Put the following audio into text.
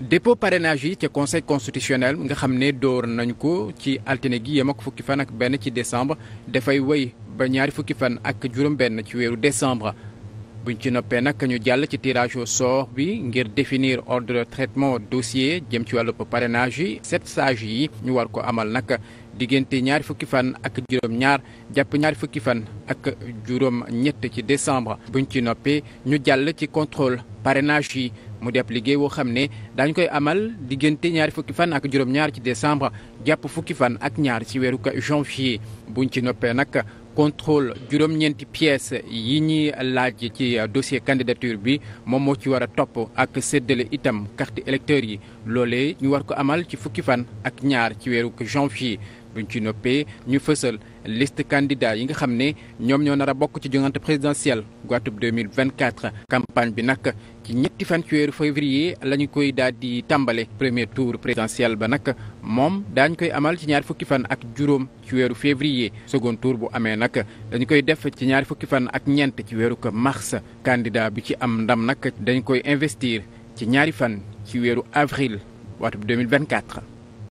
dépôt parrainage yi ca conseil constitutionnel nga xam ne door nañu ko ci altine gi yem ak fukki fan ak benn ci décembre dafay woy ba ñaari fukki fan ak juróom-benn ci weeru décembre buñ ci noppee nag ñu jàll ci tirage au bi ngir définir ordre de traitement dossier jëm ci wàllu parrainage yi sept sages yi ñu war ko amal nag diggante ñaari fukki fan ak juróom-ñaar jàpp ñaari fukki fan ak juróom-ñett ci décembre buñ ci noppee ñu jàll ci control parrainage yi. mu def liggéey woo xam ne daañu koy amal diggante ñaari fukki fan ak juróom-ñaar ci décembre jàpp fukki fan ak ñaar ci weeru janvier buñ ci noppee nag contrôle juróom-ñeenti pièces yi ñuy laaj ci dossier candidature bi moom moo ci war a topp ak séddale itam carte électeur yi loole ñu war ko amal ci fukki fan ak ñaar ci weeru janvier buñ ci noppee ñu fësal liste candidat yi nga xam ne ñoom ñoo nar bokk ci jongante présidentielle gu atub 2024 campagne bi nag ci ñetti fan ci weeru février la koy daal di tàmbale premier tour présidentiel ba nag moom daañ koy amal ci ñaari fukki fan ak juróom ci weeru février second tour bu amee nag dañu koy def ci ñaari fukki fan ak ñeent ci weeru ko mars candidat bi ci am ndam nag dañ koy investir ci ñaari fan ci weeru avril waatub 2024